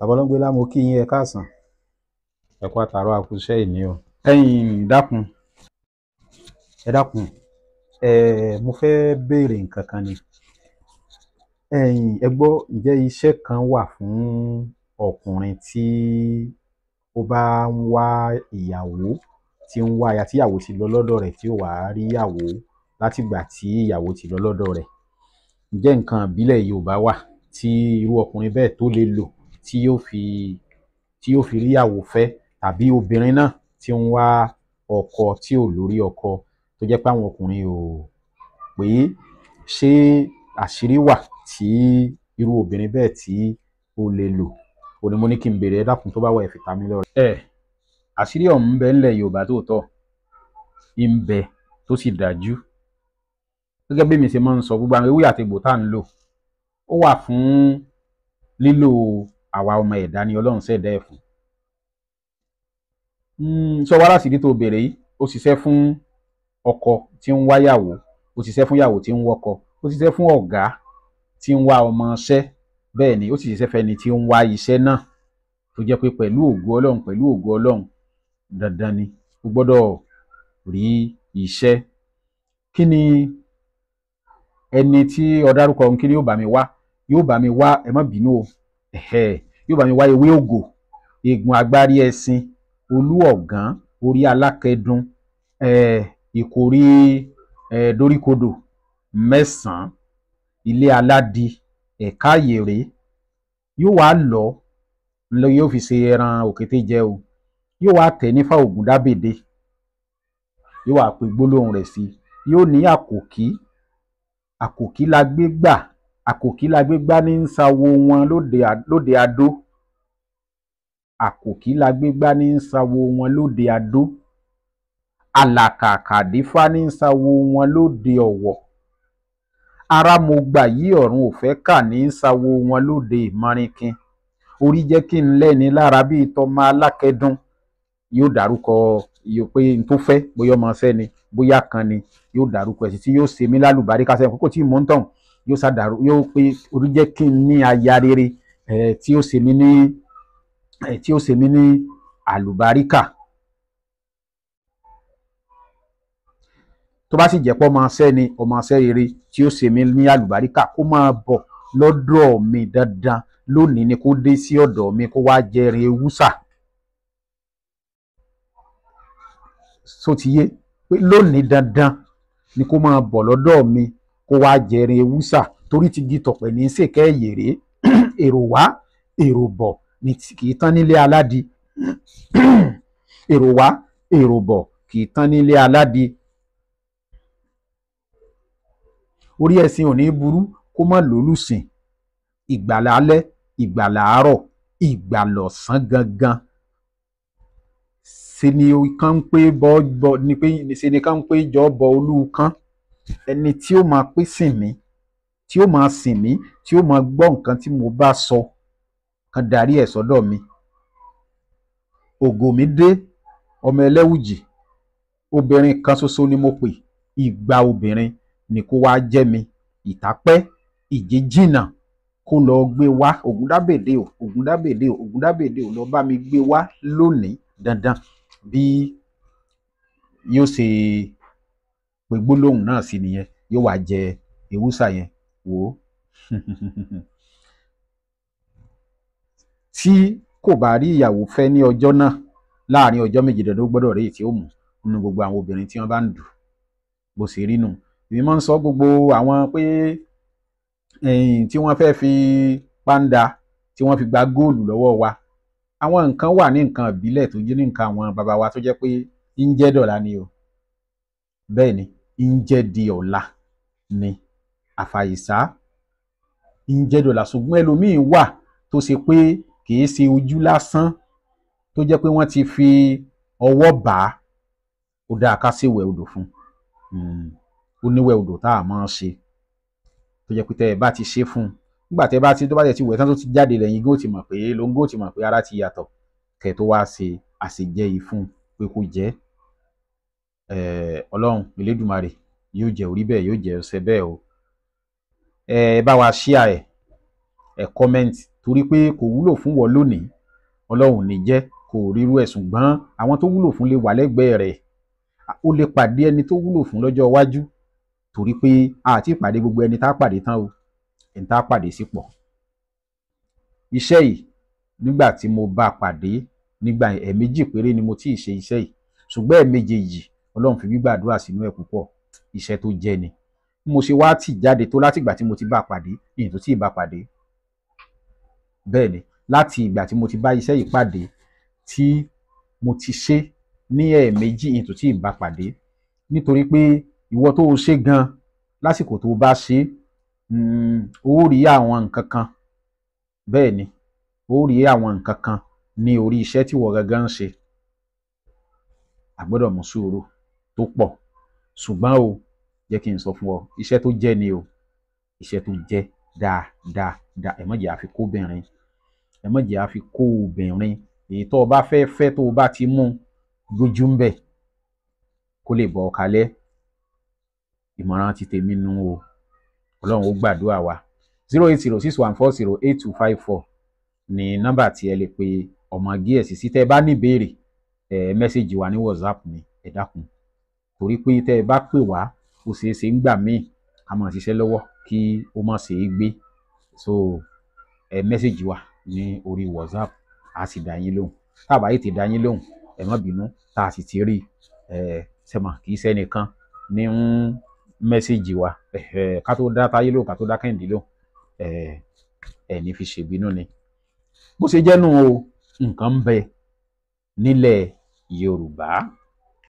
Babalóńgbé lámò kí yín ẹ káàsán ẹ kú àtàárọ̀ àkúṣẹ́ ìní o ẹ̀yin dákun ẹ dákun ẹ mo fẹ́ béèrè nǹkan kan ni ẹ̀yin ẹ gbọ́ ǹjẹ́ iṣẹ́ kan wà fún ọkùnrin tí ó bá ń wá ìyàwó tí ń wá aya tí ìyàwó ti lọ lọ́dọ̀ rẹ̀ tí ó wàá rí ìyàwó látìgbà tí ìyàwó ti lọ lọ́dọ̀ rẹ̀ ǹjẹ́ nǹkan ìbílẹ̀ Yorùbá wà tí irú ọkùnrin bẹ́ẹ̀ tó lè lò tí yóò fi tí yóò fi ríyàwó fẹ́ tàbí obìnrin náà tí ń wá ọkọ tí ò lórí ọkọ tó jẹ́ pé àwọn ọkùnrin ò pé ṣé àṣírí wà tí irú obìnrin bẹ́ẹ̀ tí ó lè lò ó ní mo ní kí n béèrè ẹ dákun tó bá wà ẹ fi ta ẹ àṣírí ọ̀hún ń bẹ ńlẹ̀ Yorùbá tóòtọ́ ń bẹ tó sì dájú gẹ́gẹ́ bí mi ṣe máa ń sọ gbogbo àwọn ewé àti egbò tá à ń lò ó wà fún lílò àwa ọmọ ẹ̀dá ni Ọlọ́run ṣẹ̀dá ẹ̀ fún hmm, sọ wàhálà sídìí tó bèrè yìí ó ṣiṣẹ́ fún ọkọ tí ń wáyàwó ó ṣiṣẹ́ fún yàwó tí ń wọ́kọ ó ṣiṣẹ́ fún ọ̀gá tí ń wá ọmọ iṣẹ́ bẹ́ẹ̀ ni ó sì ṣiṣẹ́ fẹ́ni tí ń wá iṣẹ́ náà tó jẹ́ pé pẹ̀lú ògo Ọlọ́run pẹ̀lú ògo Ọlọ́run dandan ni o gbọ́dọ̀ rí iṣẹ́ kí ni ẹni tí ọ̀dárúkọ nkiri yóò bá mi wá yóò bá mi wá ẹ má bínú o yóò bá mi wáyé ewé ògò eegun agbárí ẹṣin olú ọ̀gán orí alákẹ̀dùn ìkórí doríkodò mẹ́sàn-án ilé aládì ẹ̀ka àyèrè yóò wá lọ ńlọ yóò fi ṣe ẹran òkété jẹ o yóò wá tẹ̀ nífà ògùn dábèdè yóò wá pe gbólóhùn rẹ̀ sí yóò ní àkòkí àkòkí la gbé gbà àkòkí la gbé gbá ní ń sawo wọn lóde adó àkòkí la gbé gbá ní ń sawo wọn lóde adó àlàkàkàdífá ní ń sawo wọn lóde ọ̀wọ̀ ara mo gbà yí ọ̀run ò fẹ́ kà ní ń sawo wọn lóde ìmọrinkin orí jẹ́ kí n lẹ́ni lára bíi tọmọ alákẹ́dùn yóò dárúkọ yóò pé n tó fẹ́ bóyá ọmọ sẹ́ni bóyá kan ni yóò dárúkọ ẹ̀ sí tí yóò ṣe mí lálùbárí kásẹ̀ kókò tí mò ń tọ̀hún yóò ṣàdàrú yóò pé orí jẹ́ kí n ní aya rere tí ó ṣe mí ní tí ó ṣe mí ní àlùbáríkà. tó bá sì jẹ́ pọ́ máa ṣẹ́ ni ọmọ ṣẹ́ rere tí ó ṣe mí ní àlùbáríkà kó máa bọ̀ lọ́dọ̀ mi dandan lónìí ni kó dé sí ọ̀dọ̀ mi kó wá jẹrè ewúsà. sotiye pé lónìí dandan ni kó máa bọ̀ lọ́dọ̀ mi kó wá jẹrin ewúsà torí ti gi tọ̀pẹ̀ ní sèkẹ́ ìyèrè èrò wá èrò bọ̀ ní kì í tán nílé aládi èrò wá èrò bọ̀ kì í tán nílé aládi orí ẹ̀sìn òní burú kó má lólùsìn ìgbàlà alẹ́ ìgbàlà gangan ṣe ni kán pé bọ́ bọ́ ni pé ṣe ni kán pé jọ́ bọ olú kán ẹni tí ó máa pé sìn mí tí ó máa sìn mí tí ó máa gbọ́ nǹkan tí mo bá sọ kan darí ẹ̀ sọ́dọ̀ mi ògo mi dé ọmọ ẹlẹ́wùjì obìnrin kan ṣoṣo ni mo pè ìgbà obìnrin ni kó wá jẹ́ mi ìtápẹ́ ìjíjìnà kó lọ gbé wá ògúndábèdè ò ògúndábèdè ò ògúndábèdè ò lọ bá mi gbé wá lónìí dandan bí yóò ṣe pé gbólóhùn náà sì nìyẹn yóò wá jẹ ewúsà yẹn wò ó tí kò bá rí ìyàwó fẹ́ ní ọjọ́ náà láàrin ọjọ́ méjìdínlógún gbọ́dọ̀ rí èyí tí ó mú nínú gbogbo àwọn obìnrin tí wọ́n bá ń dù bó ṣe rí nù èmi máa ń sọ gbogbo àwọn pé tí wọ́n fẹ́ fi pàǹdà tí wọ́n fi gba góòlù lọ́wọ́ wa àwọn nǹkan wà ní nǹkan ìbílẹ̀ tó jẹ́ ní nǹkan àwọn bàbá wa tó jẹ́ pé ń jẹ́ dọ̀la ni o bẹ́ẹ̀ ni ǹjẹ́ di ọ̀la ni àfàìsá ǹjẹ́ di ọ̀la ṣùgbọ́n ẹlòmíín wà tó ṣe pé kì í ṣe ojú lásán tó jẹ́ pé wọ́n ti fi ọwọ́ bà á ó dáa ká ṣèwẹ odò fún hmm, ó níwẹ̀ odò tá a máa ṣe tó jẹ́ pé tẹ́ bá ti ṣe fún un nígbà tẹ́ bá ti tó bá tẹ́ ti wẹ̀ tán tó ti jáde lẹ́yìn gó ti mọ̀ pé lóńgó ti mọ̀ pé ara ti yàtọ̀ kẹ́ tó wá ṣe àṣejẹ yìí pé kó jẹ ẹ́ ọlọ́run elédùmarè yóò jẹ́ orí bẹ́ẹ̀ yóò jẹ́ ọsẹ bẹ́ẹ̀ o ẹ bá wa ṣíà ẹ ẹ kọ́mẹ́ǹtì torí pé kò wúlò fún wọn lónìí ọlọ́run ní jẹ́ kò ríru ẹ̀ ṣùgbọ́n àwọn tó wúlò fún lè wà lẹ́gbẹ̀ẹ́ rẹ̀ ó lè pàdé ẹni tó wúlò fún lọ́jọ́ iwájú torí pé a ti pàdé gbogbo ẹni tá a pàdé tán o ẹni tá a pàdé sí pọ̀ iṣẹ́ yìí nígbà tí mo bá pàdé nígbà ẹ̀ẹ̀mejì péré ni mo tí ì ṣe iṣẹ́ yìí ṣùgbọ́n ẹ̀ẹ̀mejì yìí ọlọ́run fi gbígbàdúrà sínú ẹ̀ púpọ̀ iṣẹ́ tó jẹ́ ni mo ṣe wá tì jáde tó látìgbà tí mo ti bá pàdé ìyẹn tó tí ì bá pàdé bẹ́ẹ̀ ni láti ìgbà tí mo ti bá iṣẹ́ yìí pàdé tí mo ti ṣe ní ẹ̀ẹ̀mejì ìyẹn tó tí bá pàdé nítorí pé ìwọ tó o ṣe gan lásìkò tó o bá ṣe hmm, ó rí àwọn nǹkan kan bẹ́ẹ̀ ni ó rí àwọn nǹkan kan ní orí iṣẹ́ tí ìwọ gangan ń ṣe a mú sùúrù tó pọ̀ ṣùgbọ́n o jẹ́ kí n sọ fún ọ iṣẹ́ tó jẹ́ ni o iṣẹ́ tó jẹ́ dáadáa ẹ má jẹ́ àfi kó obìnrin ẹ má jẹ́ àfi kó obìnrin èyí tó o bá fẹ́ fẹ́ tó o bá ti mú lójú ń bẹ̀ kó lè bọ̀ ọ́ ìmọ̀ràn ti tèmi nu o ọlọ́run ó gbàdúrà wa zero eight zero six one four zero eight two five four ní nọ́mbà tí ẹ lè pe ọmọ gíẹ̀sì sí tẹ́ ẹ bá ní ìbéèrè ẹ mẹ́sẹ̀gì wa ní whatsapp ni ẹ dákun torí pé tẹ́ ẹ bá pè wá ó ṣeé ṣe ń gbà míì a máa ṣiṣẹ́ lọ́wọ́ kí ó má ṣe é gbé so ẹ mẹ́sẹ̀gì wa ní orí whatsapp a sì dá yín lóhùn tá a bá yìí ti dá yín lóhùn ẹ má bínú tá a sì ti rí ẹ sẹ́mà kì í sẹ́nìkan ní ń mẹ́sẹ̀gì wa ká tó dá táyé lóhùn ká tó dá kẹ́hìndé lóhùn ẹ ní fi ṣèbínú ni bó ṣe jẹ́nu o nǹkan ń bẹ nílẹ̀ yorùbá.